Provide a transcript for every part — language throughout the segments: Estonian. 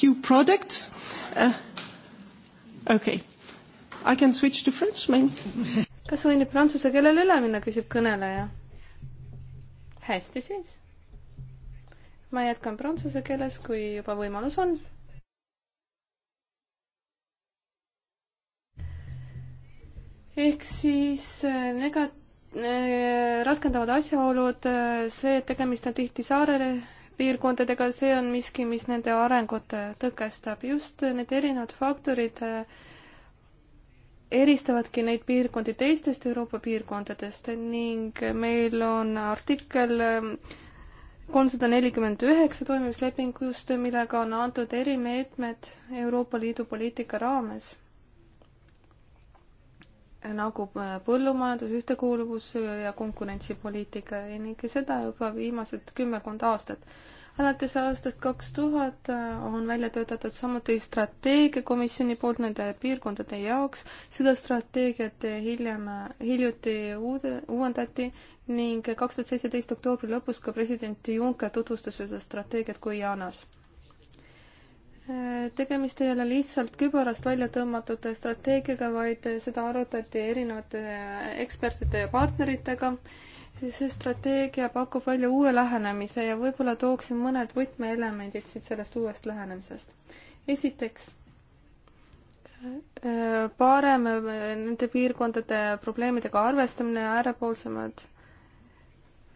few products. Uh, okay. I can switch to French, maybe. kas võin nüüd prantsuse keelele üle minna, küsib kõneleja. hästi siis. ma jätkan prantsuse keeles, kui juba võimalus on. ehk siis äh, nega-, äh, raskendavad asjaolud, äh, see, et tegemist on tihti saarele piirkondadega, see on miski, mis nende arengut äh, tõkestab. just äh, need erinevad faktorid äh, eristavadki neid piirkondi teistest Euroopa piirkondadest ning meil on artikkel ähm, kolmsada nelikümmend üheksa toimimislepingust, millega on antud erimeetmed Euroopa Liidu poliitika raames nagu põllumajandus, ühtekuuluvus ja konkurentsipoliitika ning seda juba viimased kümmekond aastat. alates aastast kaks tuhat äh, on välja töötatud samuti strateegia komisjoni poolt nende piirkondade jaoks, seda strateegiat hiljem, hiljuti uude, uuendati ning kaks tuhat seitseteist oktoobri lõpus ka president Juncker tutvustas seda strateegiat Guianas tegemist ei ole lihtsalt kübarast välja tõmmatud strateegiaga, vaid seda arutati erinevate ekspertide ja partneritega. see strateegia pakub välja uue lähenemise ja võib-olla tooksin mõned võtmeelemendid siit sellest uuest lähenemisest. esiteks, äh, parem äh, nende piirkondade probleemidega arvestamine ja äärepoolsemad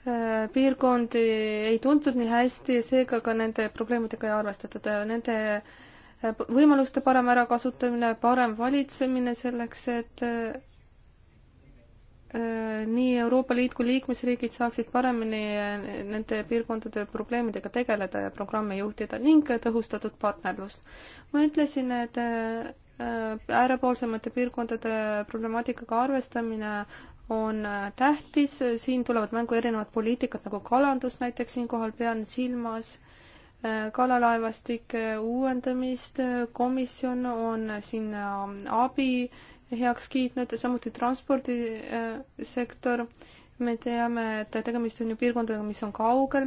Äh, piirkondi ei tuntud nii hästi ja seega ka nende probleemidega ei arvestatud. Nende äh, võimaluste parem ärakasutamine, parem valitsemine selleks, et äh, nii Euroopa Liit kui liikmesriigid saaksid paremini nende piirkondade probleemidega tegeleda ja programme juhtida ning tõhustatud partnerlust. ma ütlesin, et äärepoolsemate piirkondade problemaatikaga arvestamine on äh, tähtis, siin tulevad mängu erinevad poliitikad nagu kalandus näiteks, siinkohal pean silmas äh, kalalaevastike äh, uuendamist, komisjon on sinna abi heaks kiitnud, samuti transpordisektor, me teame, et tegemist on ju piirkondadega, mis on kaugel,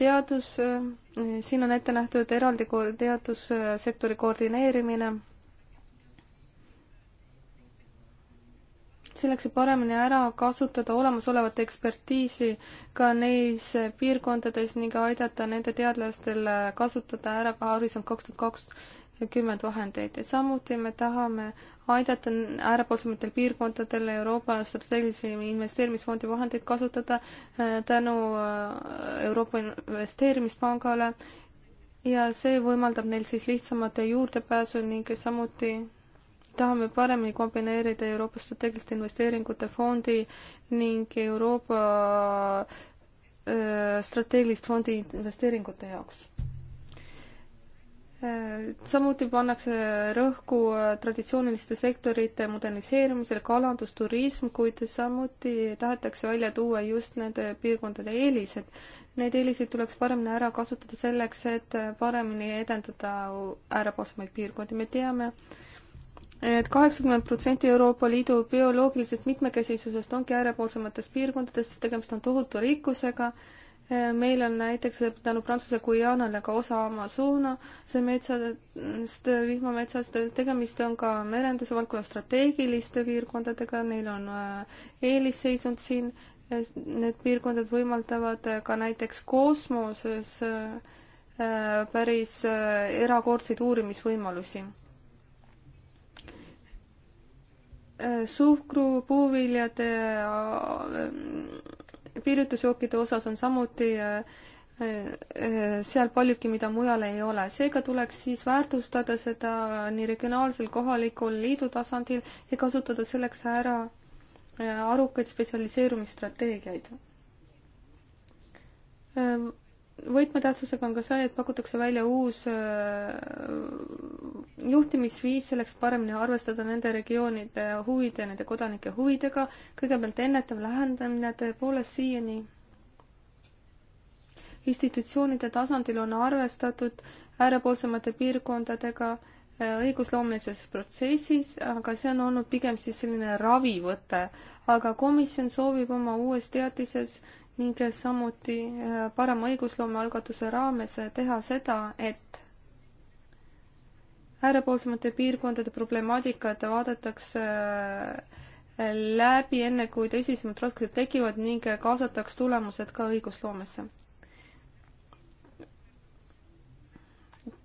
teadus, siin on ette nähtud eraldi teadussektori koordineerimine selleks, et paremini ära kasutada olemasolevat ekspertiisi ka neis piirkondades ning aidata nende teadlastel kasutada ära ka Horisont kaks tuhat kakskümmend vahendeid. samuti me tahame aidata äärepoolsematel piirkondadel Euroopa strateegilise investeerimisfondi vahendeid kasutada äh, tänu äh, Euroopa Investeerimispangale ja see võimaldab neil siis lihtsamate juurdepääsu ning samuti tahame paremini kombineerida Euroopa strateegiliste investeeringute fondi ning Euroopa äh, strateegilist fondi investeeringute jaoks. Äh, samuti pannakse rõhku äh, traditsiooniliste sektorite moderniseerimisele, kalandus, turism, kuid samuti tahetakse välja tuua just nende piirkondade eelised. Need eelised tuleks paremini ära kasutada selleks, et paremini edendada äärepasemeid piirkondi, me teame, et kaheksakümmend protsenti Euroopa Liidu bioloogilisest mitmekesisusest ongi äärepoolsemates piirkondades, tegemist on tohutu rikkusega. meil on näiteks tänu Prantsuse Guianale ka osa Amazonase metsadest, vihmametsast, tegemist on ka merenduse valdkonna strateegiliste piirkondadega, neil on äh, eelisseisund siin, need piirkondad võimaldavad äh, ka näiteks kosmoses äh, päris erakordseid uurimisvõimalusi Äh, suhkru, puuviljade ja äh, piiritusjookide osas on samuti äh, seal paljugi, mida mujal ei ole. seega tuleks siis väärtustada seda nii regionaalsel, kohalikul, liidu tasandil ja kasutada selleks ära arukaid spetsialiseerumisstrateegiaid võtmetähtsusega on ka see, et pakutakse välja uus äh, juhtimisviis selleks paremini arvestada nende regioonide huvide, nende kodanike huvidega. kõigepealt ennetav lähendamine tõepoolest siiani institutsioonide tasandil on arvestatud äärepoolsemate piirkondadega äh, õigusloomelises protsessis, aga see on olnud pigem siis selline ravivõte. aga komisjon soovib oma uues teatises ning samuti äh, parema õigusloome algatuse raames äh, teha seda, et äärepoolsemate piirkondade problemaatikat vaadatakse äh, läbi enne, kui tõsisemad raskused tekivad ning kaasataks tulemused ka õigusloomesse.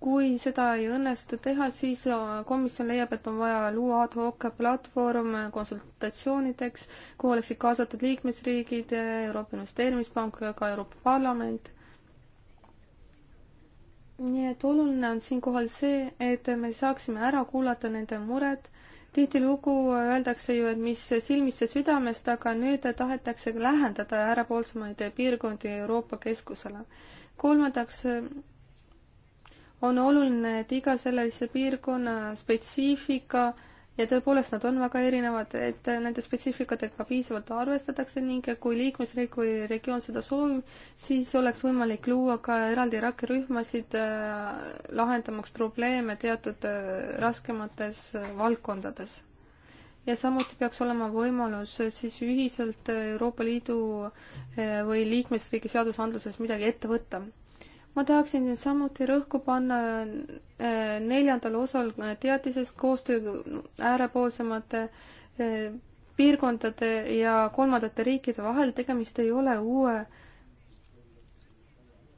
kui seda ei õnnestu teha, siis komisjon leiab, et on vaja luua ad hoc platvorm konsultatsioonideks, kuhu oleksid kaasatud liikmesriigid, Euroopa Investeerimispank ja ka Euroopa Parlament. nii et oluline on siinkohal see, et me saaksime ära kuulata nende mured. tihtilugu öeldakse ju, et mis silmist ja südamest, aga nüüd tahetakse lähendada äärepoolsemaid piirkondi Euroopa keskusele. kolmandaks on oluline, et iga sellise piirkonna spetsiifika ja tõepoolest, nad on väga erinevad, et nende spetsiifikatega piisavalt arvestatakse ning kui liikmesriik või regioon seda soovib, siis oleks võimalik luua ka eraldi rakkerühmasid äh,, lahendamaks probleeme teatud äh, raskemates äh, valdkondades. ja samuti peaks olema võimalus äh, siis ühiselt Euroopa Liidu äh, või liikmesriigi seadusandluses midagi ette võtta ma tahaksin samuti rõhku panna äh, neljandal osal teatisest koostöö äärepoolsemate äh, piirkondade ja kolmandate riikide vahel, tegemist ei ole uue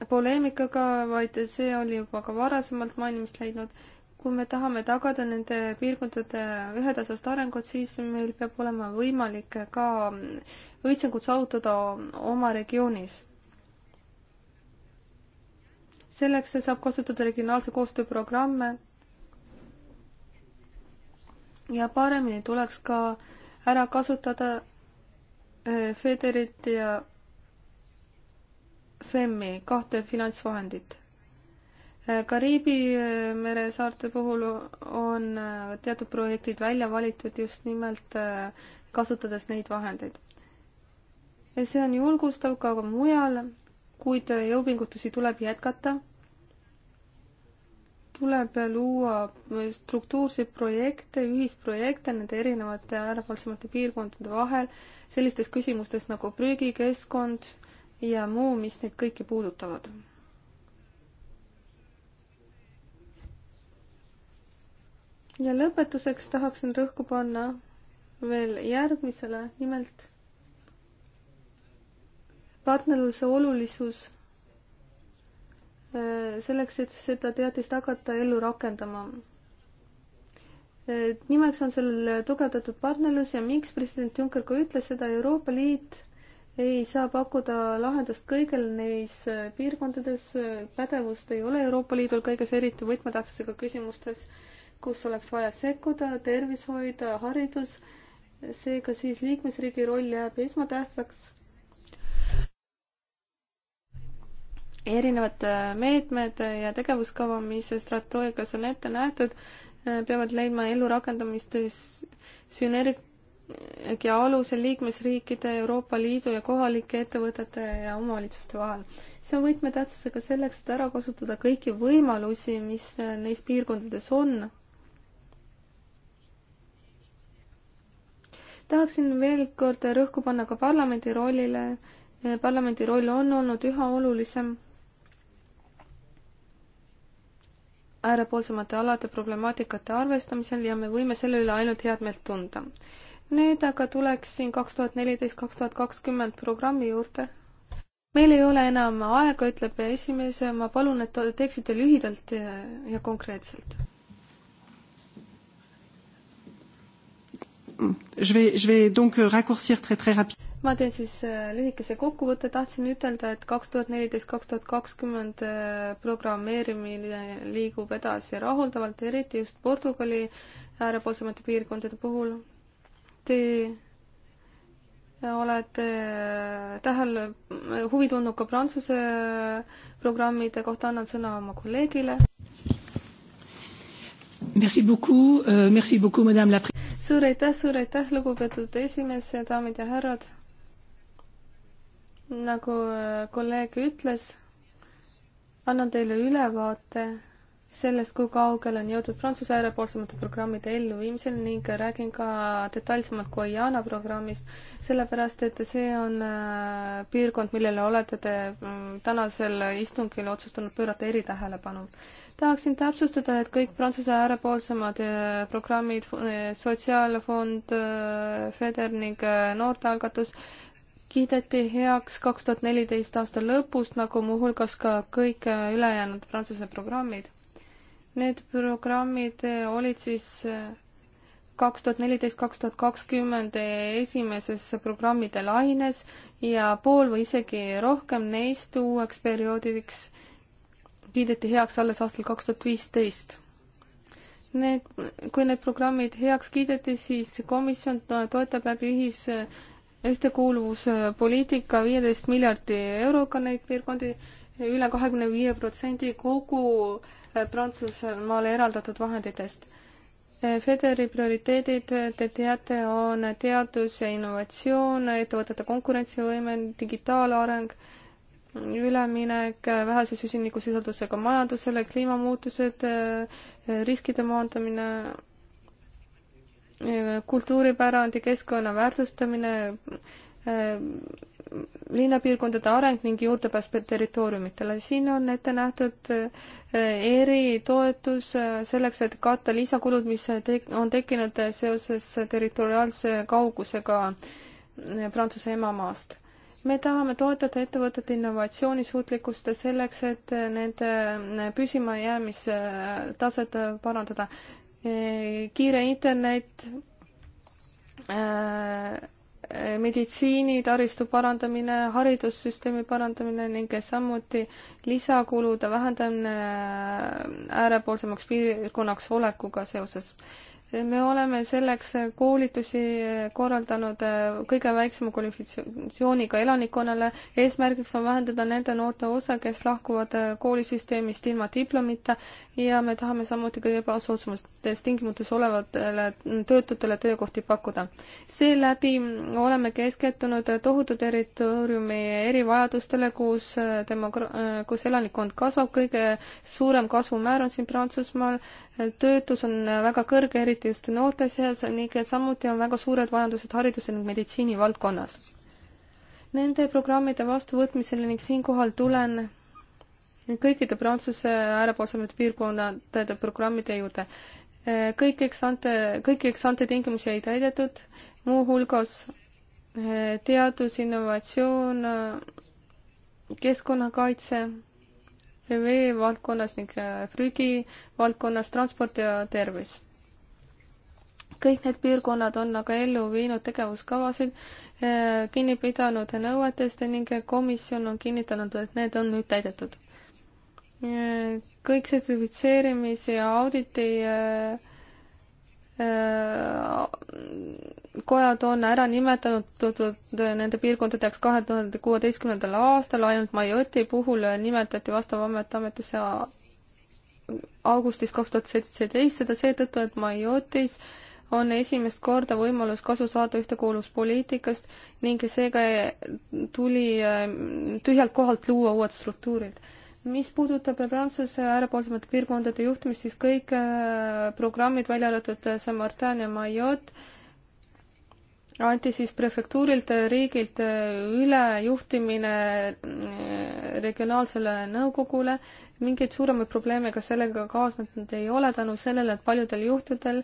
poleemikaga, vaid see oli juba ka varasemalt mainimist leidnud. kui me tahame tagada nende piirkondade ühetasast arengut, siis meil peab olema võimalik ka õitsengut saavutada oma regioonis selleks saab kasutada regionaalse koostööprogramme ja paremini tuleks ka ära kasutada äh, Federit ja FEM-i kahte finantsvahendit äh, Kariibi äh, mere saarte puhul on teatud projektid välja valitud just nimelt kasutades neid vahendeid. see on julgustav ka mujal, kuid jõupingutusi tuleb jätkata tuleb luua struktuurseid projekte, ühisprojekte nende erinevate äärepoolsemate piirkondade vahel, sellistes küsimustes nagu prügikeskkond ja muu, mis neid kõiki puudutavad. ja lõpetuseks tahaksin rõhku panna veel järgmisele, nimelt partnerluse olulisus Äh, selleks, et seda teadist hakata ellu rakendama. Äh, nimeks on sellel tugevdatud partnerlus ja miks president Juncker ka ütles seda, Euroopa Liit ei saa pakkuda lahendust kõigil neis äh, piirkondades, pädevust ei ole Euroopa Liidul kõiges eriti võtmetähtsusega küsimustes, kus oleks vaja sekkuda, tervishoid, haridus, seega siis liikmesriigi roll jääb esmatähtsaks erinevad äh, meetmed ja tegevuskava, mis strateegias on ette nähtud, äh, peavad leidma ellurakendamist sünergia alusel liikmesriikide, Euroopa Liidu ja kohalike ettevõtete ja omavalitsuste vahel. see on võtmetähtsusega selleks, et ära kasutada kõiki võimalusi, mis äh, neis piirkondades on. tahaksin veel kord rõhku panna ka parlamendi rollile. parlamendi roll on olnud üha olulisem äärepoolsemate alade problemaatikate arvestamisel ja me võime selle üle ainult head meelt tunda. nüüd aga tuleksin kaks tuhat neliteist, kaks tuhat kakskümmend programmi juurde. meil ei ole enam aega, ütleb esimees, ma palun, et teeksite lühidalt ja, ja konkreetselt. Je vais, je vais donc raccourcir très très rapide ma teen siis äh, lühikese kokkuvõtte, tahtsin ütelda, et kaks tuhat neliteist, kaks tuhat kakskümmend äh, programmeerimine liigub edasi rahuldavalt, eriti just Portugali äärepoolsemate piirkondade puhul. Te äh, olete tähele, huvi tundnud ka Prantsuse programmide kohta, annan sõna oma kolleegile. Merci beaucoup, euh, merci beaucoup, madame la. suur aitäh, suur aitäh, lugupeetud esimees, daamid ja härrad nagu äh, kolleeg ütles, annan teile ülevaate sellest, kui kaugele on jõudnud Prantsuse äärepoolsemate programmide elluviimisel ning räägin ka detailsemalt Guyana programmist, sellepärast et see on äh, piirkond, millele olete te mm, tänasel istungil otsustanud pöörata eritähelepanu. tahaksin täpsustada, et kõik Prantsuse äärepoolsemad äh, programmid, Sotsiaalfond, FEDER ning noortealgatus kiideti heaks kaks tuhat neliteist aasta lõpus, nagu muuhulgas ka kõik ülejäänud Prantsuse programmid. Need programmid olid siis kaks tuhat neliteist, kaks tuhat kakskümmend esimeses programmide laines ja pool või isegi rohkem neist uueks perioodiks kiideti heaks alles aastal kaks tuhat viisteist. Need, kui need programmid heaks kiideti, siis komisjon toetab läbi ühise ühtekuuluvuspoliitika viieteist miljardi euroga neid piirkondi üle kahekümne viie protsendi kogu äh, Prantsusmaale eraldatud vahenditest. Äh, Federi prioriteedid, te teate, on teadus ja innovatsioon, ettevõtete konkurentsivõime, digitaalareng, üleminek äh, vähese süsinikusisaldusega majandusele, kliimamuutused, riskide maandamine kultuuripärandi, keskkonna väärtustamine, linnapiirkondade areng ning juurdepääs territooriumitele. siin on ette nähtud eh, eritoetus eh, selleks, et katta lisakulud, mis eh, te on tekkinud seoses territoriaalse kaugusega Prantsuse emamaast. me tahame toetada ettevõtete innovatsioonisuutlikkust selleks, et nende püsimajäämise taset parandada kiire internet, äh, meditsiinitaristu parandamine, haridussüsteemi parandamine ning samuti lisakulude vähendamine äh, äärepoolsemaks piirkonnaks olekuga seoses me oleme selleks koolitusi korraldanud äh, kõige väiksema kvalifikatsiooniga elanikkonnale. eesmärgiks on vähendada nende noorte osa, kes lahkuvad äh, koolisüsteemist ilma diplomita ja me tahame samuti kõige ebasoodsamates tingimustes olevatele töötutele töökohti pakkuda. seeläbi oleme keskendunud tohutu territooriumi erivajadustele, kus äh, demogra-, kus elanikkond kasvab, kõige suurem kasvumäär on siin Prantsusmaal, töötus on väga kõrge, eriti eriti just noorte seas ning samuti on väga suured vajadused hariduse ning meditsiini valdkonnas. Nende programmide vastuvõtmisele ning siinkohal tulen kõikide Prantsuse äärepoolsemate piirkondade programmide juurde. kõik eksante, kõiki eksante tingimusi ei täidetud, muuhulgas eh, teadus, innovatsioon, keskkonnakaitse, vee valdkonnas ning eh, prügi valdkonnas transport ja tervis kõik need piirkonnad on aga ellu viinud tegevuskavasid, eh, kinni pidanud nõuetest ning komisjon on kinnitanud, et need on nüüd täidetud. Eh, kõik sertifitseerimise ja auditi eh, kojad on ära nimetatud nende piirkondade jaoks kahe tuhande kuueteistkümnendal aastal, ainult Maioti puhul nimetati vastav amet ametisse augustis kaks tuhat seitseteist, seda seetõttu, et Maiotis äh, on esimest korda võimalus kasu saada ühtekuuluvuspoliitikast ning seega tuli äh, tühjalt kohalt luua uued struktuurid. mis puudutab Prantsuse äärepoolsemate piirkondade juhtimist, siis kõik äh, programmid, välja arvatud äh, Saint-Martin ja Mayotte, anti siis prefektuurilt, riigilt üle juhtimine regionaalsele nõukogule. mingeid suuremaid probleeme ka sellega kaasnenud ei ole tänu sellele, et paljudel juhtudel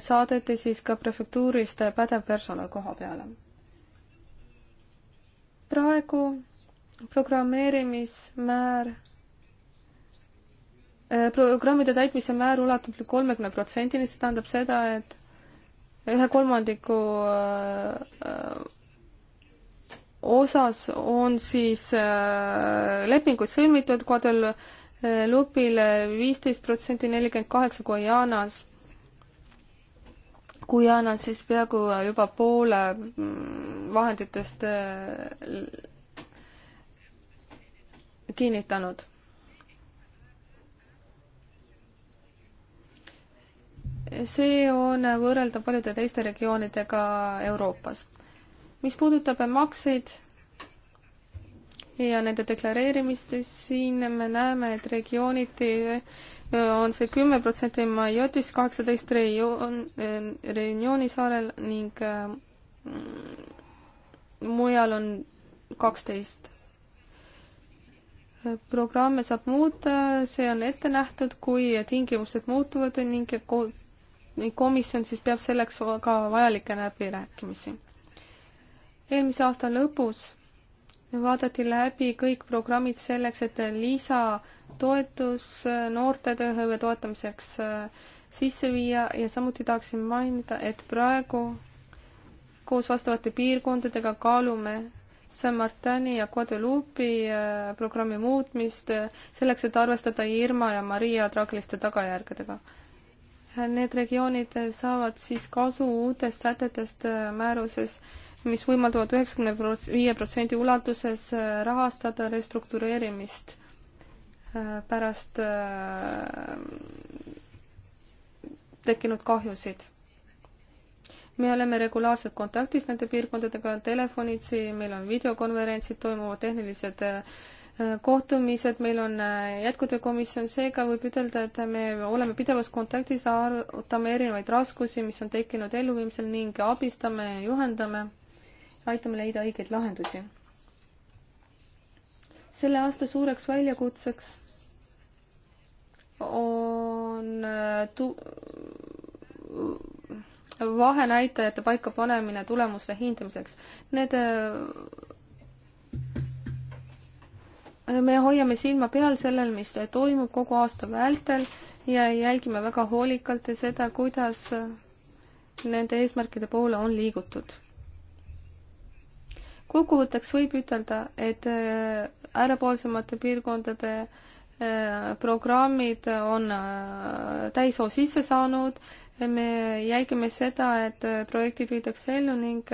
saadeti siis ka prefektuurist pädev personal koha peale. praegu programmeerimismäär äh, programmide täitmise määr ulatub kolmekümne protsendini, see tähendab seda, et ühe kolmandiku äh, osas on siis äh, lepingud sõlmitud Guadeloupil viisteist protsenti, nelikümmend kaheksa Guyanas Guyana on siis peaaegu juba poole mm, vahenditest äh, kinnitanud. see on võrreldav paljude teiste regioonidega Euroopas. mis puudutab makseid ja nende deklareerimist, siin me näeme, et regiooniti äh, on see kümme protsenti Majotis, kaheksateist reioon, äh, Reunioni saarel ning äh, mujal on kaksteist. programme saab muuta, see on ette nähtud, kui tingimused muutuvad ning komisjon siis peab selleks ka vajalikke läbirääkimisi. eelmise aasta lõpus vaadati läbi kõik programmid selleks, et lisatoetus noorte tööhõive toetamiseks äh, sisse viia ja samuti tahaksin mainida, et praegu koos vastavate piirkondadega kaalume San Martani ja Guadeloupe'i äh, programmi muutmist äh, selleks, et arvestada Irma ja Maria traagiliste tagajärgedega. Need regioonid saavad siis kasu uutest sätetest määruses mis võimaldavad üheksakümne viie protsendi ulatuses äh, rahastada restruktureerimist äh, pärast äh, tekkinud kahjusid. me oleme regulaarselt kontaktis nende piirkondadega telefonitsi, meil on videokonverentsid, toimuvad tehnilised kohtumised, meil on jätkutöökomisjon, seega võib ütelda, et me oleme pidevas kontaktis, arutame erinevaid raskusi, mis on tekkinud elluviimisel ning abistame ja juhendame aitame leida õigeid lahendusi. selle aasta suureks väljakutseks on äh, tu-, vahenäitajate paikapanemine tulemuste hindamiseks. Need, äh, me hoiame silma peal sellel, mis toimub kogu aasta vältel ja jälgime väga hoolikalt seda, kuidas äh, nende eesmärkide poole on liigutud kokkuvõtteks võib ütelda, et äh, äärepoolsemate piirkondade äh, programmid on äh, täishoo sisse saanud, me jälgime seda, et projektid viidakse ellu ning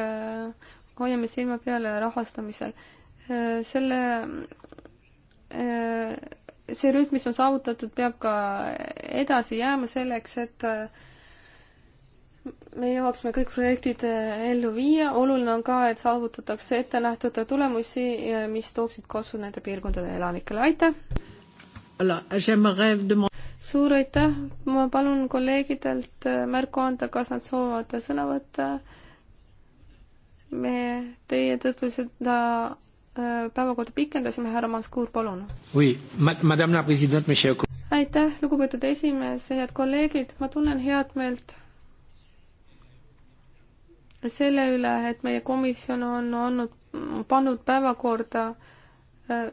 hoiame silma peal rahastamisel. selle, see rütm, mis on saavutatud, peab ka edasi jääma selleks, et me jõuaksime kõik projektid äh, ellu viia, oluline on ka, et saavutatakse ettenähtud tulemusi, äh, mis tooksid kasu nende piirkondade elanikele, aitäh! suur aitäh, ma palun kolleegidelt äh, märku anda, kas nad soovivad sõna võtta. me teie tõttu seda päevakorda pikendasime, härra Manskuur, palun. aitäh, lugupeetud esimees, head kolleegid, ma tunnen head meelt selle üle, et meie komisjon on olnud, pannud päevakorda äh,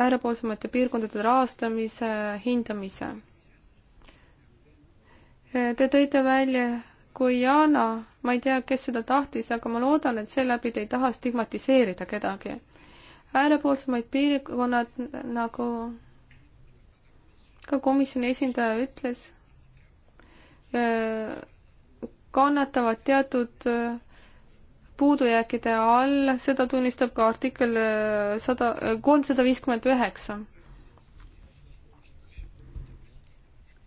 äärepoolsemate piirkondade rahastamise hindamise. Äh, te tõite välja Guyana, ma ei tea, kes seda tahtis, aga ma loodan, et seeläbi te ei taha stigmatiseerida kedagi. äärepoolsemaid piirkonnad, nagu ka komisjoni esindaja ütles, äh, kannatavad teatud äh, puudujääkide all, seda tunnistab ka artikkel äh, sada, äh, kolmsada viiskümmend üheksa.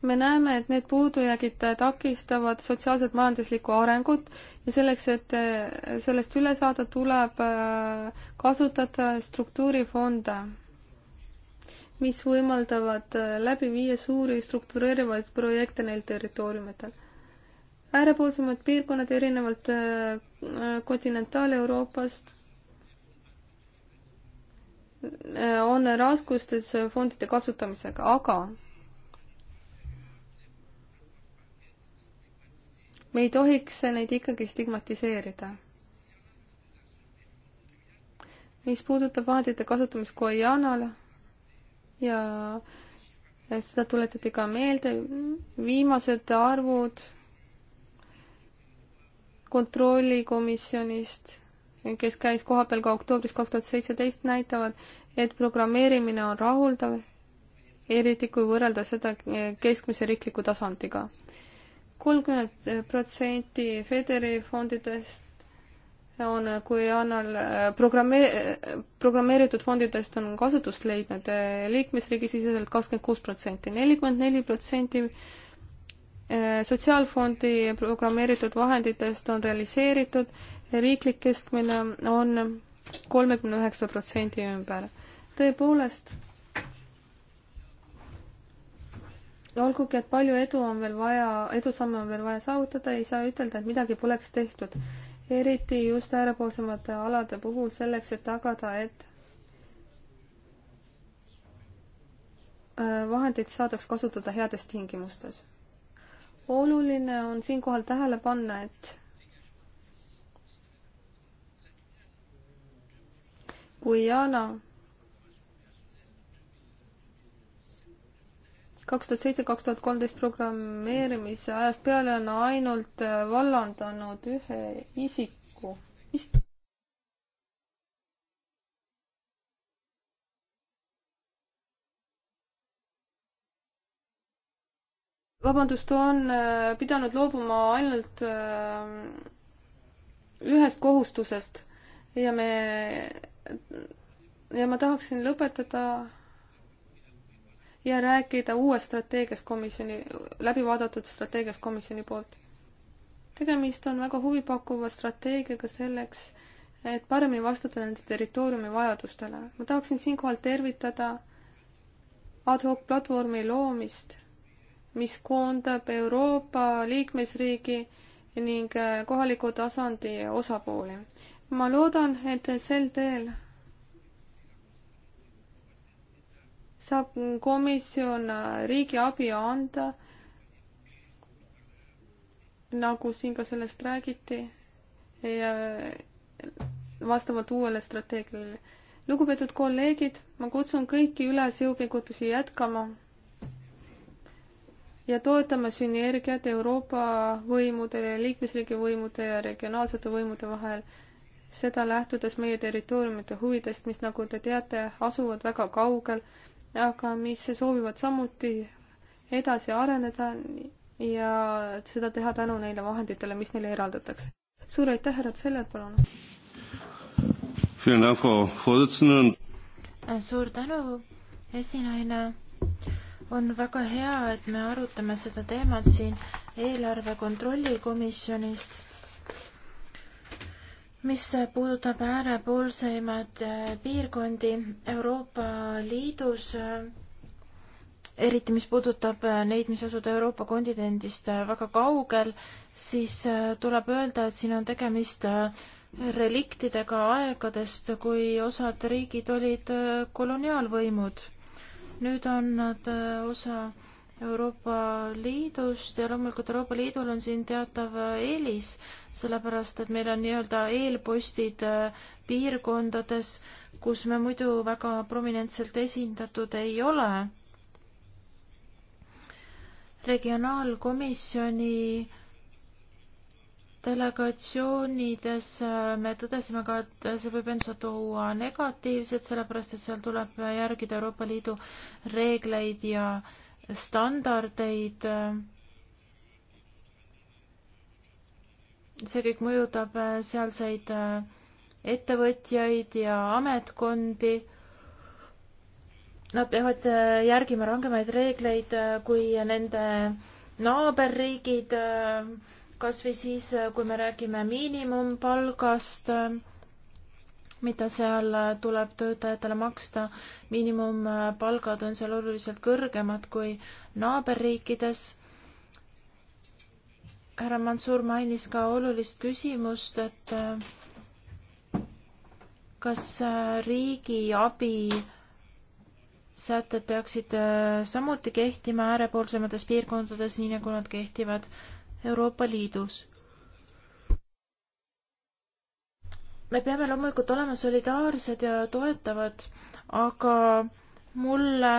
me näeme, et need puudujäägid takistavad sotsiaalset majanduslikku arengut ja selleks, et sellest üle saada, tuleb kasutada struktuurifonde, mis võimaldavad läbi viia suuri struktureerivaid projekte neil territooriumitel äärepoolsemad piirkonnad erinevalt äh, äh, kontinentaal-Euroopast äh, on raskustes fondide kasutamisega, aga me ei tohiks neid ikkagi stigmatiseerida. mis puudutab vahendite kasutamist Guianal ja seda tuletati ka meelde, viimased arvud kontrollikomisjonist, kes käis kohapeal ka oktoobris kaks tuhat seitseteist, näitavad, et programmeerimine on rahuldav, eriti kui võrrelda seda keskmise riikliku tasandiga. kolmkümmend protsenti Federi fondidest on, kui annal programme-, programmeeritud fondidest on kasutust leidnud liikmesriigi siseselt kakskümmend kuus protsenti, nelikümmend neli protsenti sotsiaalfondi programmeeritud vahenditest on realiseeritud, riiklik keskmine on kolmekümne üheksa protsendi ümber. tõepoolest, olgugi, et palju edu on veel vaja, edusamme on veel vaja saavutada, ei saa ütelda, et midagi poleks tehtud. eriti just äärepoolsemate alade puhul selleks, et tagada, et äh, vahendeid saadaks kasutada heades tingimustes oluline on siinkohal tähele panna, et Guyana kaks tuhat seitse, kaks tuhat kolmteist programmeerimise ajast peale on ainult vallandanud ühe isiku isik vabandust, on äh, pidanud loobuma ainult äh, ühest kohustusest ja me, ja ma tahaksin lõpetada ja rääkida uuest strateegiast komisjoni, läbi vaadatud strateegiast komisjoni poolt. tegemist on väga huvipakkuva strateegiaga selleks, et paremini vastata nende territooriumi vajadustele. ma tahaksin siinkohal tervitada ad hoc platvormi loomist mis koondab Euroopa liikmesriigi ning äh, kohaliku tasandi osapooli. ma loodan, et sel teel saab komisjon äh, riigi abi anda, nagu siin ka sellest räägiti, äh, vastavalt uuele strateegiale. lugupeetud kolleegid, ma kutsun kõiki üles jõupingutusi jätkama ja toetame sünergiat Euroopa võimude, liikmesriigi võimude ja regionaalsete võimude vahel, seda lähtudes meie territooriumite huvidest, mis, nagu te teate, asuvad väga kaugel, aga mis soovivad samuti edasi areneda ja seda teha tänu neile vahenditele, mis neile eraldatakse. suur aitäh, härra Tseller, palun! suur tänu, esinaine! on väga hea, et me arutame seda teemat siin eelarve kontrolli komisjonis, mis puudutab äärepoolseimaid eh, piirkondi Euroopa Liidus, eh, eriti mis puudutab eh, neid, mis asuvad Euroopa kontinendist väga kaugel, siis tuleb öelda, et siin on tegemist reliktidega aegadest, kui osad riigid olid koloniaalvõimud nüüd on nad äh, osa Euroopa Liidust ja loomulikult Euroopa Liidul on siin teatav äh, eelis, sellepärast et meil on nii-öelda eelpostid äh, piirkondades, kus me muidu väga prominentselt esindatud ei ole. regionaalkomisjoni delegatsioonides äh, me tõdesime ka, et see võib endasse tuua negatiivset, sellepärast et seal tuleb järgida Euroopa Liidu reegleid ja standardeid. see kõik mõjutab äh, sealseid äh, ettevõtjaid ja ametkondi. Nad peavad järgima rangemaid reegleid kui nende naaberriigid äh, kas või siis, kui me räägime miinimumpalgast, mida seal tuleb töötajatele maksta. miinimumpalgad on seal oluliselt kõrgemad kui naaberriikides. härra Mansur mainis ka olulist küsimust, et kas riigi abi sätted peaksid äh, samuti kehtima äärepoolsemates piirkondades, nii nagu nad kehtivad Euroopa Liidus. me peame loomulikult olema solidaarsed ja toetavad, aga mulle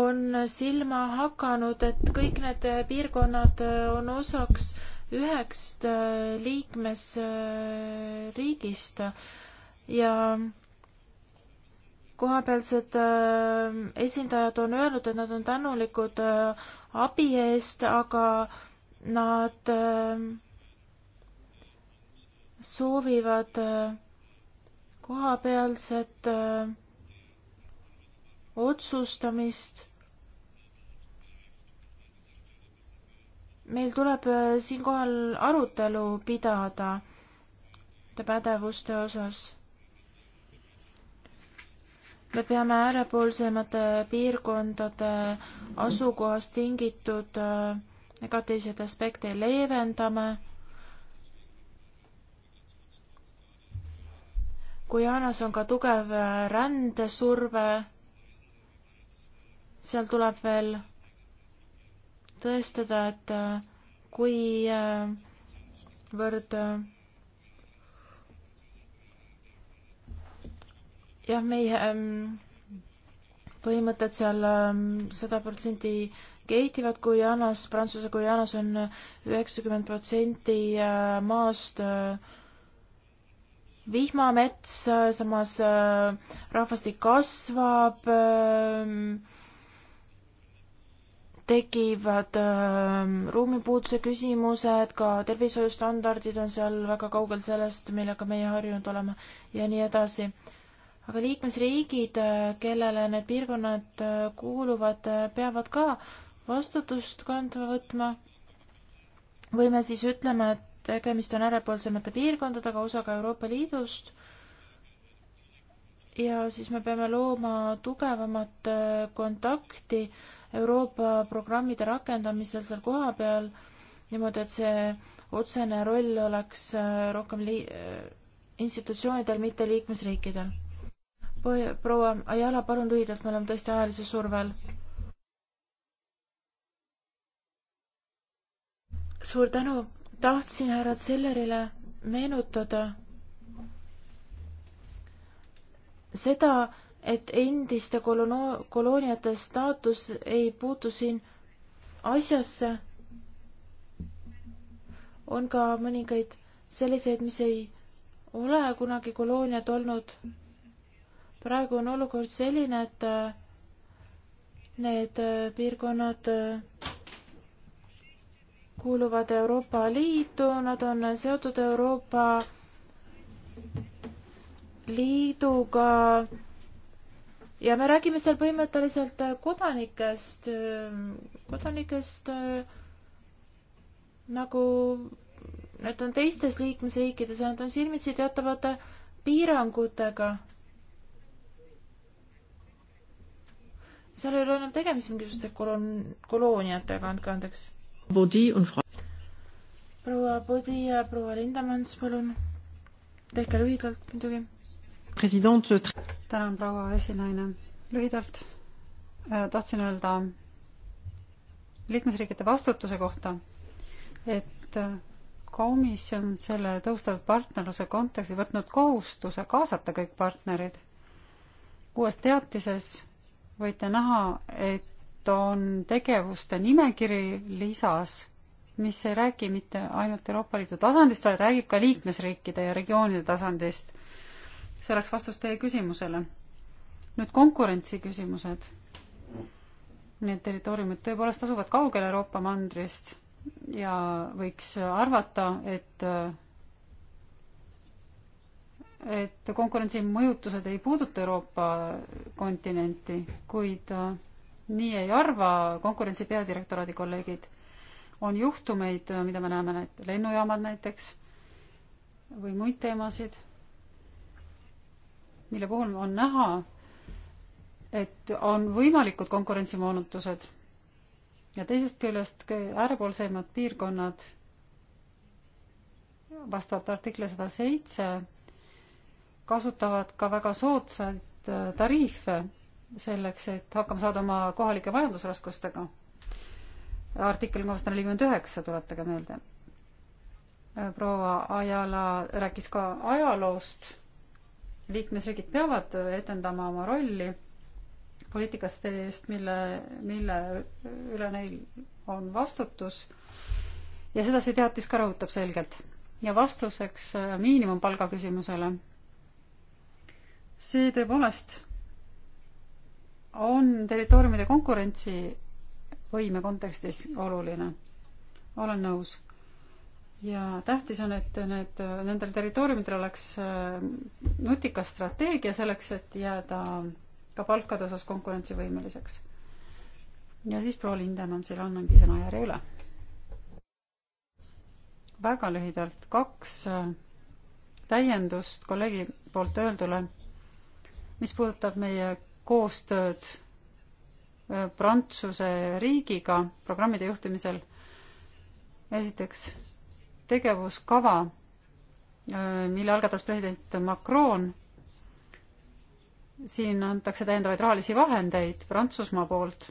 on silma hakanud, et kõik need piirkonnad on osaks ühekst liikmesriigist ja kohapealsed äh, esindajad on öelnud, et nad on tänulikud äh, abi eest, aga Nad ähm, soovivad äh, kohapealset äh, otsustamist. meil tuleb äh, siinkohal arutelu pidada pädevuste osas me peame äärepoolsemate piirkondade asukohast tingitud äh, negatiivseid aspekte leevendame. Guyanas on ka tugev rändesurve. seal tuleb veel tõestada, et äh, kuivõrd äh, äh, jah, meie ähm, põhimõtted seal ähm, sada protsenti kehtivad Guianas, Prantsuse Guianas on üheksakümmend protsenti äh, maast äh, vihmamets, äh, samas rahvastik kasvab, tekivad ruumipuuduse küsimused, ka tervishoiustandardid on seal väga kaugel sellest, millega meie harjunud oleme ja nii edasi aga liikmesriigid, kellele need piirkonnad kuuluvad, peavad ka vastutust kandma võtma või me siis ütleme, et tegemist on äärepoolsemate piirkondadega, osaga Euroopa Liidust ja siis me peame looma tugevamat äh, kontakti Euroopa programmide rakendamisel seal kohapeal, niimoodi, et see otsene roll oleks äh, rohkem lii-, äh, institutsioonidel, mitte liikmesriikidel. proua Ajala, palun lühidalt, me oleme tõesti ajalise surve all. suur tänu, tahtsin härra Zellerile meenutada seda, et endiste kolono-, kolooniate staatus ei puutu siin asjasse. on ka mõningaid selliseid, mis ei ole kunagi kolooniad olnud. praegu on olukord selline, et äh, need äh, piirkonnad äh, kuuluvad Euroopa Liitu, nad on seotud Euroopa Liiduga ja me räägime seal põhimõtteliselt kodanikest, kodanikest nagu need on teistes liikmesriikides ja nad on silmitsi teatavate piirangutega. seal ei ole enam tegemist mingisuguste kolon-, kolooniatega, andke andeks Bodi on fra-. proua Bodi ja proua Lindemans, palun. tehke lühidalt muidugi. president. tänan, proua esinaine. lühidalt äh, tahtsin öelda liikmesriikide vastutuse kohta, et äh, komisjon selle tõustatud partnerluse konteksti võtnud kohustuse kaasata kõik partnerid. uues teatises võite näha, et on tegevuste nimekiri lisas, mis ei räägi mitte ainult Euroopa Liidu tasandist, vaid räägib ka liikmesriikide ja regioonide tasandist. see oleks vastus teie küsimusele. nüüd konkurentsi küsimused. Need territooriumid tõepoolest asuvad kaugel Euroopa mandrist ja võiks arvata, et et konkurentsi mõjutused ei puuduta Euroopa kontinenti, kuid nii ei arva konkurentsi peadirektoraadi kolleegid. on juhtumeid, mida me näeme, need lennujaamad näiteks või muid teemasid, mille puhul on näha, et on võimalikud konkurentsimoonutused ja teisest küljest äärepoolseimad piirkonnad vastavalt artikli sada seitse kasutavad ka väga soodsaid äh, tariife selleks, et hakkama saada oma kohalike majandusraskustega. artikkel kolmsada nelikümmend üheksa, tuletage meelde. proua Ajala rääkis ka ajaloost. liikmesriigid peavad etendama oma rolli poliitikast eest, mille, mille üle neil on vastutus. ja seda see teatis ka rõhutab selgelt. ja vastuseks miinimumpalga küsimusele. see tõepoolest on territooriumide konkurentsivõime kontekstis oluline. olen nõus. ja tähtis on, et need, nendel territooriumidel oleks äh, nutikas strateegia selleks, et jääda ka palkade osas konkurentsivõimeliseks. ja siis proua Lindemannsile annangi sõnajärje üle. väga lühidalt kaks äh, täiendust kolleegi poolt öeldule, mis puudutab meie koostööd äh, Prantsuse riigiga programmide juhtimisel. esiteks tegevuskava, äh, mille algatas president Macron. siin antakse täiendavaid rahalisi vahendeid Prantsusmaa poolt,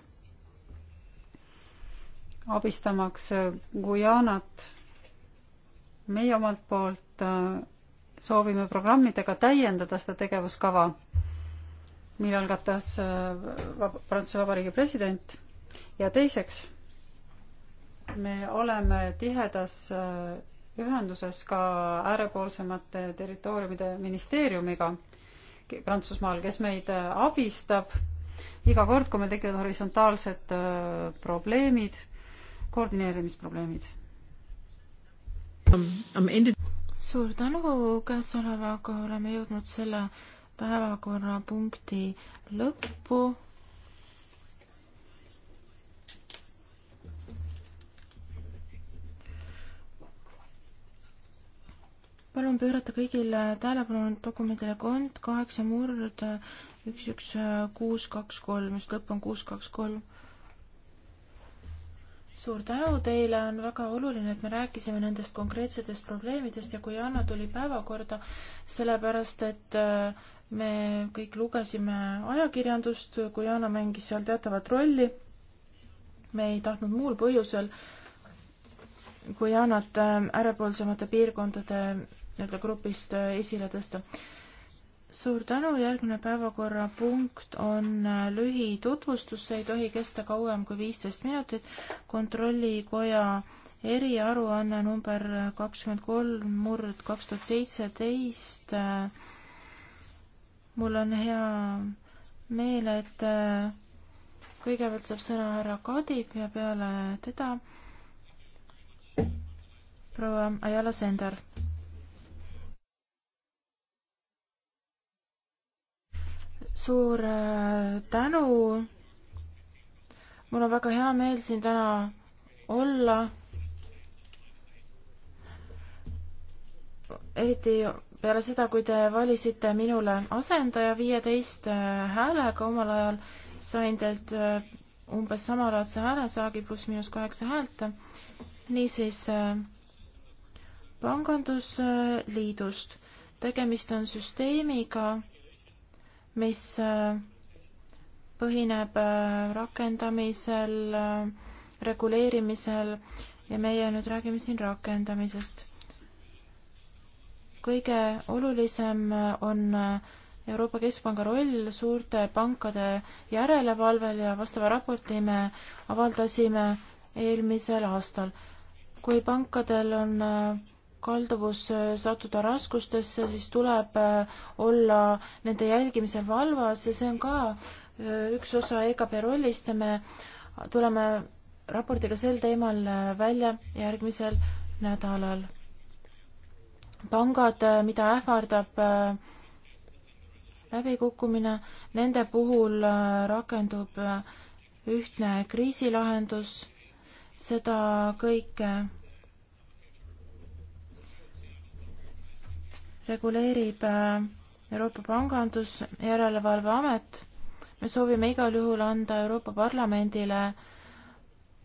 abistamaks äh, Guyanat. meie omalt poolt soovime programmidega täiendada seda tegevuskava mille algatas äh, Prantsuse Vabariigi president ja teiseks, me oleme tihedas äh, ühenduses ka äärepoolsemate territooriumide ministeeriumiga Prantsusmaal, kes meid äh, abistab iga kord, kui meil tekivad horisontaalsed probleemid, koordineerimisprobleemid. Um, um, suur tänu, käesolevaga oleme jõudnud selle päevakorrapunkti lõppu. palun pöörata kõigile tähelepanu dokumendile kont kaheksa murd üks, üks, kuus, kaks, kolm, just lõpp on kuus, kaks, kolm suur tänu teile, on väga oluline, et me rääkisime nendest konkreetsetest probleemidest ja kui Anna tuli päevakorda, sellepärast et äh, me kõik lugesime ajakirjandust, Guyana mängis seal teatavat rolli. me ei tahtnud muul põhjusel Guyanat ähm, ärepoolsemate piirkondade nii-öelda grupist äh, esile tõsta. suur tänu, järgmine päevakorrapunkt on äh, lühitutvustus, see ei tohi kesta kauem kui viisteist minutit. kontrollikoja eriaruanne number äh, kakskümmend kolm murd kaks tuhat seitseteist mul on hea meel, et äh, kõigepealt saab sõna härra Kadib ja peale teda proua Ajala Sender. suur äh, tänu. mul on väga hea meel siin täna olla. eriti peale seda, kui te valisite minule asendaja viieteist äh, häälega omal ajal, sain teilt äh, umbes samalaadse häälesaagi pluss miinus kaheksa häält. niisiis äh, pangandusliidust. tegemist on süsteemiga, mis põhineb rakendamisel, reguleerimisel ja meie nüüd räägime siin rakendamisest kõige olulisem on Euroopa Keskpanga roll suurte pankade järelevalvel ja vastava raporti me avaldasime eelmisel aastal. kui pankadel on äh, kalduvus äh, sattuda raskustesse, siis tuleb äh, olla nende jälgimisel valvas ja see on ka üks osa EKP rollist ja me tuleme raportiga sel teemal välja järgmisel nädalal pangad, äh, mida ähvardab äh, läbikukkumine, nende puhul äh, rakendub ühtne kriisilahendus, seda kõike reguleerib Euroopa Pangandusjärelevalve Amet. me soovime igal juhul anda Euroopa Parlamendile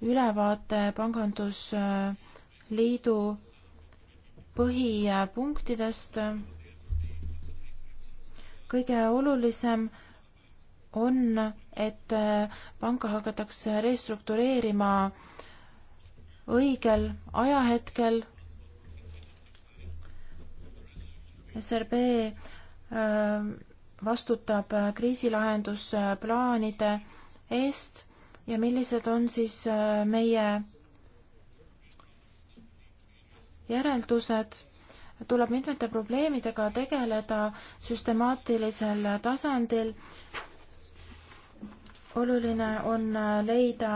ülevaate pangandusliidu põhipunktidest. kõige olulisem on, et panka hakatakse restruktureerima õigel ajahetkel. SRB ähm, vastutab kriisilahendusplaanide eest ja millised on siis äh, meie järeldused, tuleb mitmete probleemidega tegeleda süstemaatilisel tasandil. oluline on leida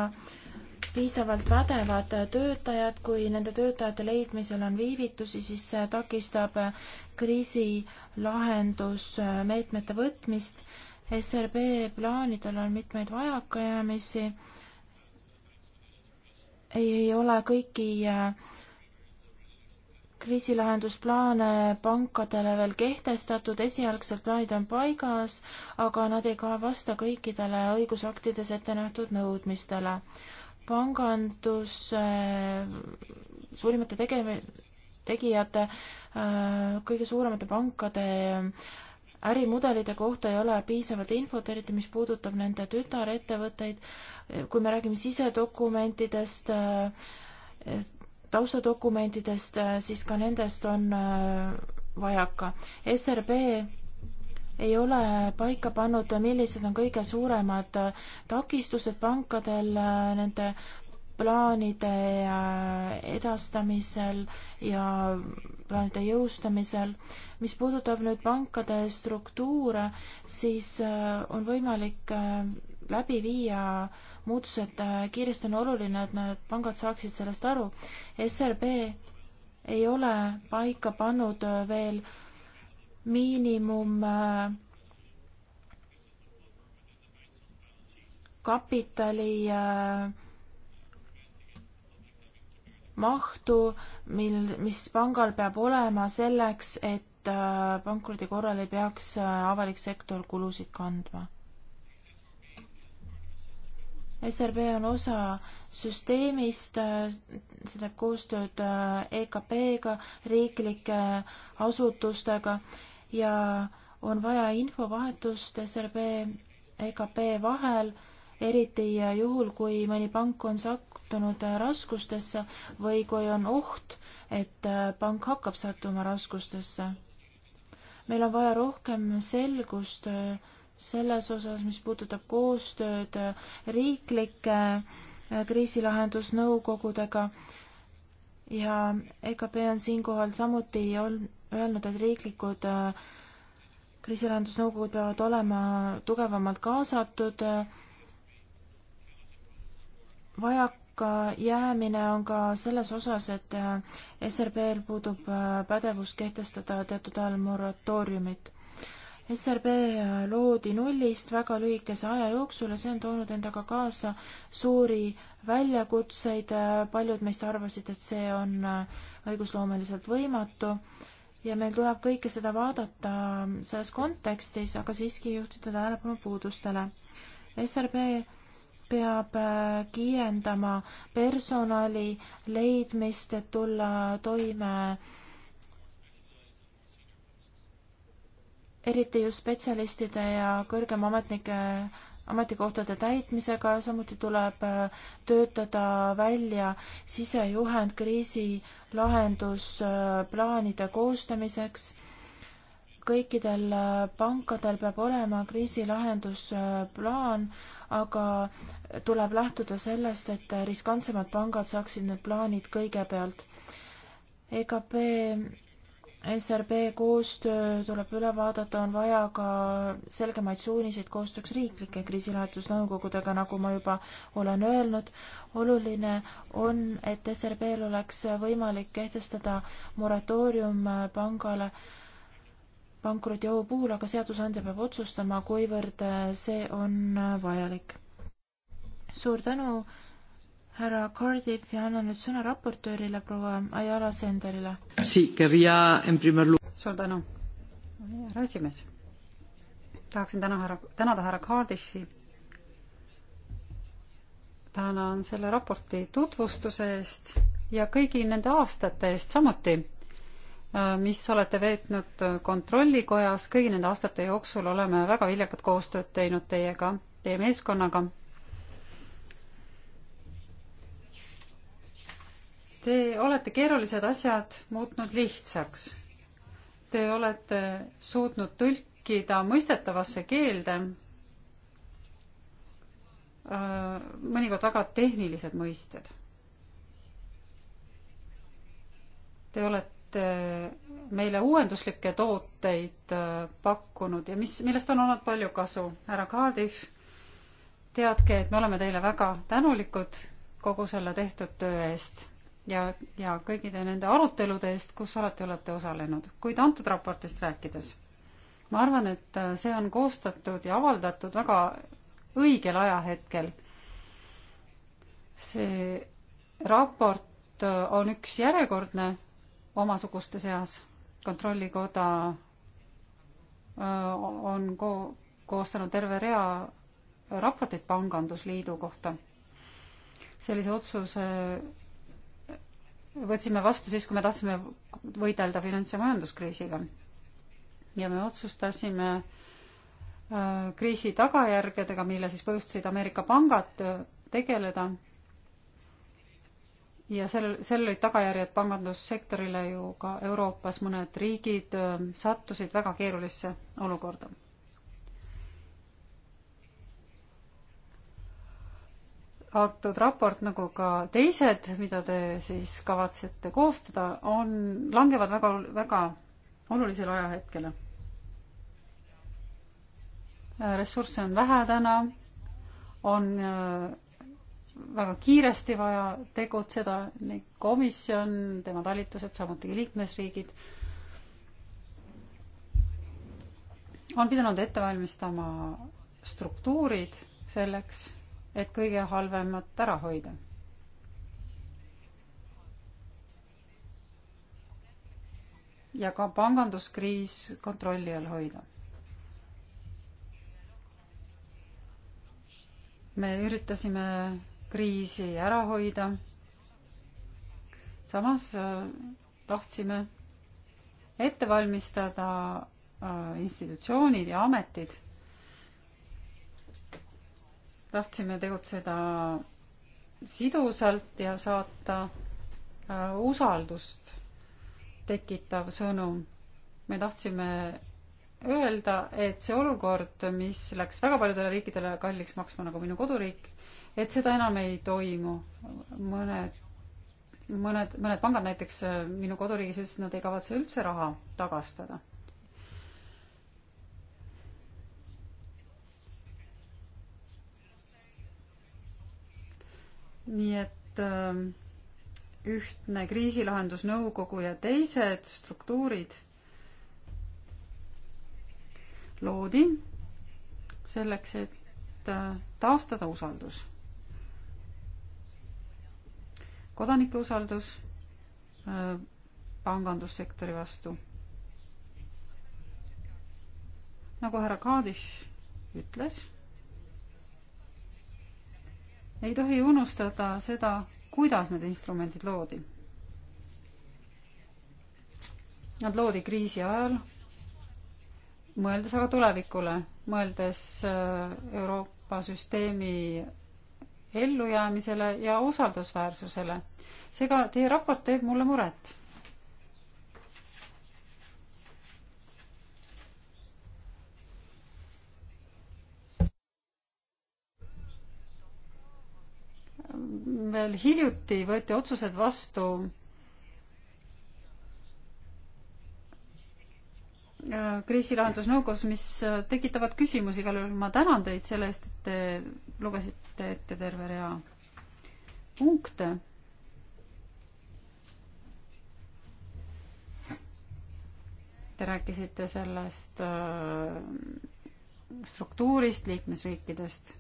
piisavalt pädevad töötajad, kui nende töötajate leidmisel on viivitusi, siis see takistab kriisi lahendusmeetmete võtmist. SRB plaanidel on mitmeid vajakajäämisi, ei ole kõiki äh, kriisilahendusplaane pankadele veel kehtestatud, esialgsed plaanid on paigas, aga nad ei ka vasta kõikidele õigusaktides ette nähtud nõudmistele. pangandus äh, suurimate tege-, tegijate äh,, kõige suuremate pankade äh, ärimudelite kohta ei ole piisavalt infot, eriti mis puudutab nende tütarettevõtteid, kui me räägime sisedokumentidest äh,, taustadokumentidest, äh, siis ka nendest on äh, vajaka. SRB ei ole paika pannud, millised on kõige suuremad äh, takistused pankadel nende plaanide edastamisel ja plaanide jõustamisel. mis puudutab nüüd pankade struktuure, siis on võimalik läbi viia muutused äh, kiiresti, on oluline, et need pangad saaksid sellest aru. SRB ei ole paika pannud äh, veel miinimum äh, kapitali mahtu, mil, mis pangal peab olema selleks, et pankroti korral ei peaks avalik sektor kulusid kandma SRB on osa süsteemist, see teeb koostööd äh, EKP-ga, riiklike äh, asutustega ja on vaja infovahetust SRB, EKP vahel, eriti äh, juhul, kui mõni pank on sattunud raskustesse või kui on oht, et pank hakkab sattuma raskustesse. meil on vaja rohkem selgust äh, selles osas, mis puudutab koostööd riiklike äh, kriisilahendusnõukogudega ja EKP on siinkohal samuti öelnud, et riiklikud äh, kriisilahendusnõukogud peavad olema tugevamalt kaasatud. Äh. vajakajäämine on ka selles osas, et SRB-l puudub pädevus kehtestada teatud ajal moratooriumit SRB loodi nullist väga lühikese aja jooksul ja see on toonud endaga kaasa suuri väljakutseid, paljud meist arvasid, et see on äh, õigusloomeliselt võimatu ja meil tuleb kõike seda vaadata selles kontekstis, aga siiski juhtida tähelepanu puudustele. SRB peab äh, kiirendama personali leidmist, et tulla toime eriti just spetsialistide ja kõrgema ametnike ametikohtade täitmisega, samuti tuleb äh, töötada välja sisejuhend kriisilahendusplaanide äh, koostamiseks. kõikidel äh, pankadel peab olema kriisilahendusplaan, aga tuleb lähtuda sellest, et riskantsemad pangad saaksid need plaanid kõigepealt. EKP SRB koostöö tuleb üle vaadata, on vaja ka selgemaid suuniseid koostööks riiklike kriisilahendusnõukogudega, nagu ma juba olen öelnud. oluline on, et SRB-l oleks võimalik kehtestada moratoorium pangale pankrotiohu puhul, aga seadusandja peab otsustama, kuivõrd see on vajalik. suur tänu härra Cardiff ja annan nüüd sõna raportöörile, proua Ayala Senderile. suur tänu, härra esimees. tahaksin täna härra, tänada härra Cardiffi. tänan selle raporti tutvustuse eest ja kõigi nende aastate eest samuti, mis olete veetnud Kontrollikojas, kõigi nende aastate jooksul oleme väga viljakat koostööd teinud teiega, teie meeskonnaga Te olete keerulised asjad muutnud lihtsaks. Te olete suutnud tõlkida mõistetavasse keelde äh, mõnikord väga tehnilised mõisted. Te olete meile uuenduslikke tooteid äh, pakkunud ja mis, millest on olnud palju kasu. härra Cardiff, teadke, et me oleme teile väga tänulikud kogu selle tehtud töö eest ja, ja kõikide nende arutelude eest, kus alati olete osalenud. kuid antud raportist rääkides, ma arvan, et äh, see on koostatud ja avaldatud väga õigel ajahetkel. see raport äh, on üks järjekordne omasuguste seas. kontrollikoda äh, on ko-, koostanud terve rea raporteid Pangandusliidu kohta. sellise otsuse võtsime vastu siis, kui me tahtsime võidelda finants- ja majanduskriisiga. ja me otsustasime äh, kriisi tagajärgedega, mille siis põhjustasid Ameerika pangad, äh, tegeleda. ja sellel, sellel olid tagajärjed pangandussektorile ju ka Euroopas, mõned riigid äh, sattusid väga keerulisse olukorda antud raport nagu ka teised, mida te siis kavatsete koostada, on, langevad väga, väga olulisele ajahetkele. ressursse on vähe täna, on äh, väga kiiresti vaja tegutseda, nii komisjon, tema talitused, samuti liikmesriigid on pidanud ette valmistama struktuurid selleks et kõige halvemat ära hoida. ja ka panganduskriis kontrolli all hoida. me üritasime kriisi ära hoida. samas äh, tahtsime ette valmistada äh, institutsioonid ja ametid tahtsime tegutseda sidusalt ja saata äh, usaldust tekitav sõnum. me tahtsime öelda, et see olukord, mis läks väga paljudele riikidele kalliks maksma, nagu minu koduriik, et seda enam ei toimu. mõned, mõned, mõned pangad näiteks äh, minu koduriigis ütlesid, nad ei kavatse üldse raha tagastada nii et ähm, ühtne kriisilahendusnõukogu ja teised struktuurid loodi selleks, et äh, taastada usaldus. kodanike usaldus äh, pangandussektori vastu. nagu härra Kaadish ütles ei tohi unustada seda, kuidas need instrumendid loodi. Nad loodi kriisi ajal, mõeldes aga tulevikule, mõeldes äh, Euroopa süsteemi ellujäämisele ja usaldusväärsusele. seega teie raport teeb mulle muret veel hiljuti võeti otsused vastu äh, kriisilahendusnõukogus, mis äh, tekitavad küsimusi, igal juhul ma tänan teid selle eest, et te lugesite ette terve rea punkte. Te rääkisite sellest äh, struktuurist liikmesriikidest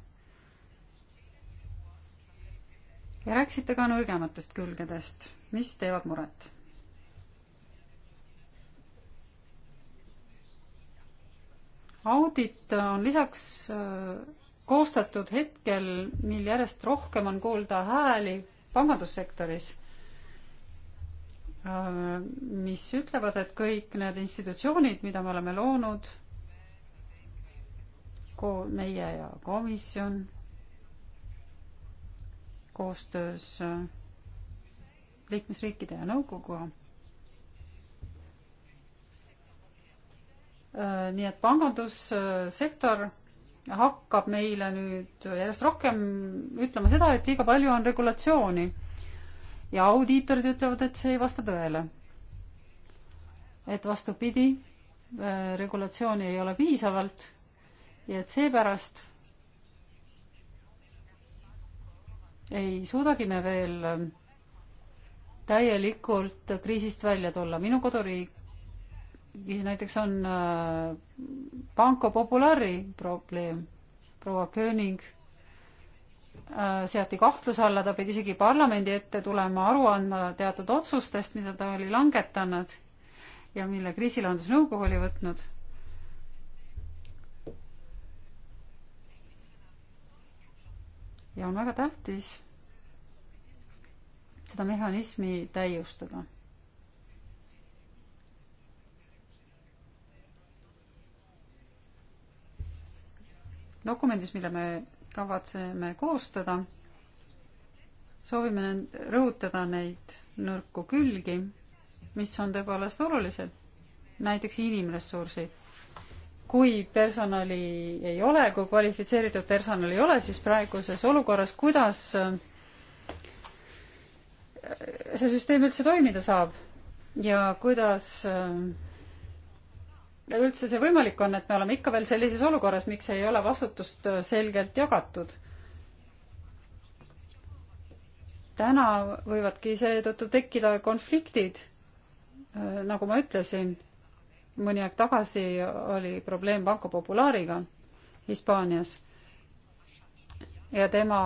ja rääkisite ka nõrgematest külgedest, mis teevad muret. audit on lisaks äh, koostatud hetkel, mil järjest rohkem on kuulda hääli pangandussektoris, äh, mis ütlevad, et kõik need institutsioonid, mida me oleme loonud, meie ja komisjon koostöös äh, liikmesriikide ja nõukoguga. Äh, nii et pangandussektor hakkab meile nüüd järjest rohkem ütlema seda, et liiga palju on regulatsiooni. ja audiitorid ütlevad, et see ei vasta tõele. et vastupidi, äh, regulatsiooni ei ole piisavalt ja et seepärast ei suudagi me veel ähm, täielikult kriisist välja tulla. minu koduriigis näiteks on äh, Banco Populari probleem. proua Kööning äh, seati kahtluse alla, ta pidi isegi parlamendi ette tulema aru andma teatud otsustest, mida ta oli langetanud ja mille kriisilahendusnõukogu oli võtnud ja on väga tähtis seda mehhanismi täiustada. dokumendis, mille me kavatseme koostada, soovime rõhutada neid nõrku külgi, mis on tõepoolest olulised, näiteks inimressursid kui personali ei ole, kui kvalifitseeritud personali ei ole, siis praeguses olukorras, kuidas äh, see süsteem üldse toimida saab ja kuidas äh, üldse see võimalik on, et me oleme ikka veel sellises olukorras, miks ei ole vastutust äh, selgelt jagatud? täna võivadki seetõttu tekkida konfliktid, nagu ma ütlesin mõni aeg tagasi oli probleem Banco Populaariga Hispaanias ja tema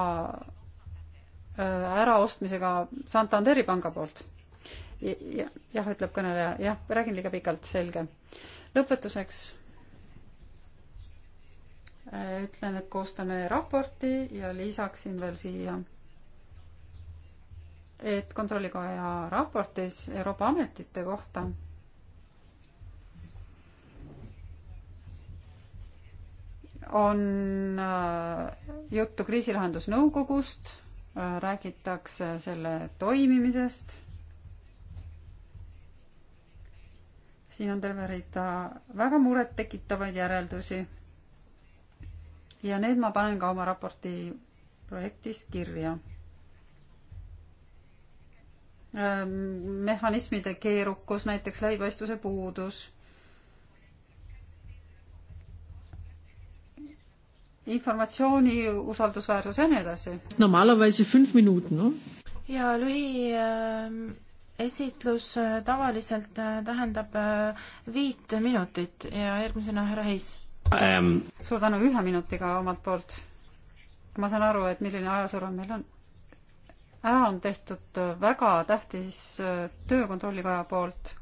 äh, äraostmisega Santanderi panga poolt ja,. jah, jah, ütleb kõneleja, jah, räägin liiga pikalt, selge. lõpetuseks äh, ütlen, et koostame raporti ja lisaksin veel siia, et kontrollikoja raportis Euroopa ametite kohta on äh, juttu kriisilahendusnõukogust, äh, räägitakse selle toimimisest. siin on terve rida väga murettekitavaid järeldusi. ja need ma panen ka oma raporti projektis kirja. Äh, mehhanismide keerukus, näiteks läbipaistvuse puudus informatsiooni usaldusväärsus ja nii edasi. normaalavaisi fünf minut, noh. ja lühi äh, esitlus äh, tavaliselt äh, tähendab äh, viit minutit ja järgmisena härra Heis ähm.. suur tänu ühe minutiga omalt poolt. ma saan aru, et milline ajasurve meil on. ära on tehtud äh, väga tähtis äh, töö Kontrollikoja poolt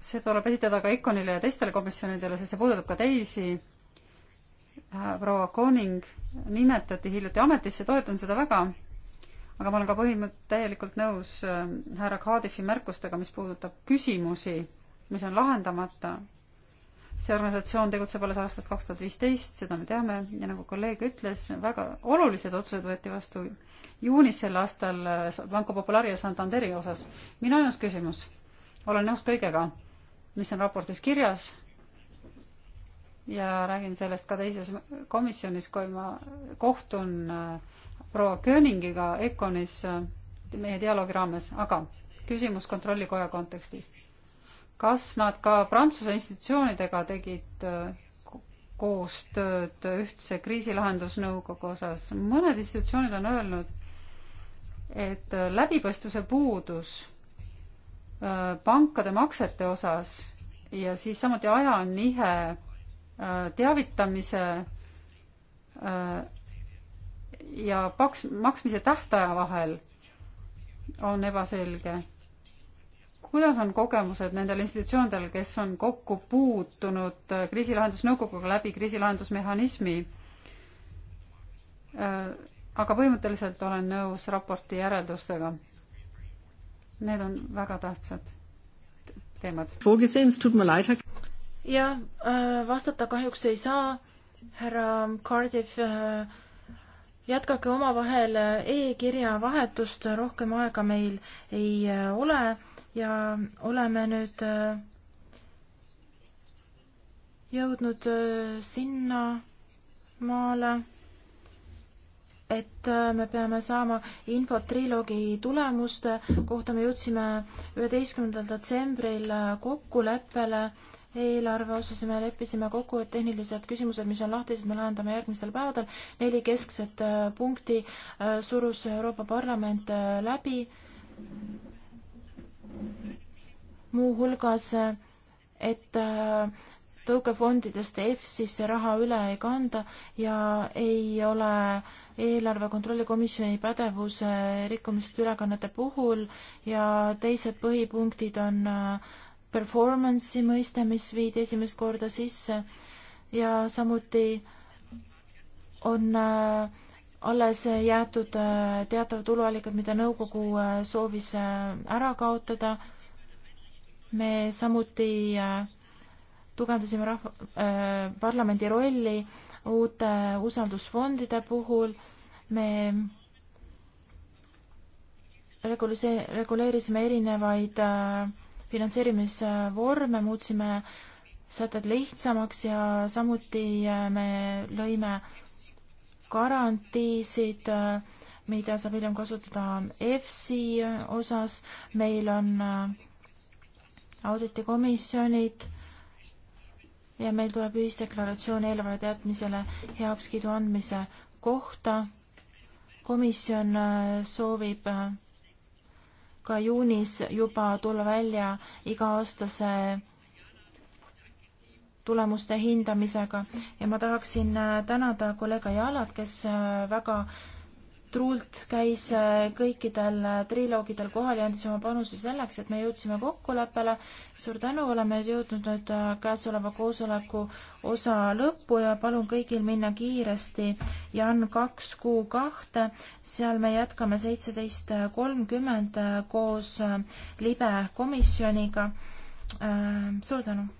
see tuleb esitada ka ICONile ja teistele komisjonidele, sest see puudutab ka teisi Äh, proua Koning nimetati hiljuti ametisse, toetan seda väga, aga ma olen ka põhimõtteliselt täielikult nõus äh, härra Kaadifi märkustega, mis puudutab küsimusi, mis on lahendamata. see organisatsioon tegutseb alles aastast kaks tuhat viisteist, seda me teame ja nagu kolleeg ütles, väga olulised otsused võeti vastu juunis sel aastal äh, Banco Populari ja Santanderi osas. minu ainus küsimus, olen nõus kõigega, mis on raportis kirjas ja räägin sellest ka teises komisjonis, kui ma kohtun äh, proua Kööningiga Econis äh, meie dialoogi raames, aga küsimus Kontrollikoja kontekstis. kas nad ka Prantsuse institutsioonidega tegid äh, koostööd ühtse kriisilahendusnõukogu osas? mõned institutsioonid on öelnud, et läbipaistvuse puudus pankade maksete osas ja siis samuti ajanihe Äh, teavitamise äh, ja paks-, maksmise tähtaja vahel on ebaselge. kuidas on kogemused nendel institutsioonidel, kes on kokku puutunud äh, kriisilahendusnõukoguga läbi kriisilahendusmehhanismi? aga põhimõtteliselt olen nõus raporti järeldustega. Need on väga tähtsad teemad jah, äh, vastata kahjuks ei saa, härra Cardiff, äh, jätkake omavahel äh, e-kirja vahetust, rohkem aega meil ei ole ja oleme nüüd jõudnud sinnamaale, et me peame saama infot triloogi tulemuste kohta, me jõudsime üheteistkümnendal detsembril kokkuleppele eelarve osas ja me leppisime kokku, et tehnilised küsimused, mis on lahtised, me lahendame järgmistel päevadel. neli keskset äh, punkti äh, surus Euroopa Parlament äh, läbi. muuhulgas, et tõukefondidest EFSisse raha üle ei kanda ja ei ole eelarve kontrolli komisjoni pädevuse rikkumist ülekannete puhul ja teised põhipunktid on performance'i mõiste, mis viidi esimest korda sisse ja samuti on äh, alles jäetud äh, teatavad tuluallikad, mida nõukogu äh, soovis ära kaotada. me samuti tugevdasime rahva äh,, parlamendi rolli uute usaldusfondide puhul, me regulise-, reguleerisime erinevaid äh, finantseerimisvorme, muutsime sätted lihtsamaks ja samuti äh, me lõime garantiisid, äh, mida saab hiljem kasutada EFSI äh, osas, meil on auditikomisjonid ja meil tuleb ühisdeklaratsioon eelarve teadmisele heakskiidu andmise kohta. komisjon soovib äh, ka juunis juba tulla välja iga-aastase tulemuste hindamisega ja ma tahaksin äh, tänada kolleeg Jalat, kes äh, väga Truult käis äh, kõikidel äh, triloogidel kohal ja andis oma panuse selleks, et me jõudsime kokkuleppele. suur tänu, oleme jõudnud nüüd äh, käesoleva koosoleku osa lõppu ja palun kõigil minna kiiresti Jan kaks kuu kahte, seal me jätkame seitseteist kolmkümmend koos libe komisjoniga. suur tänu!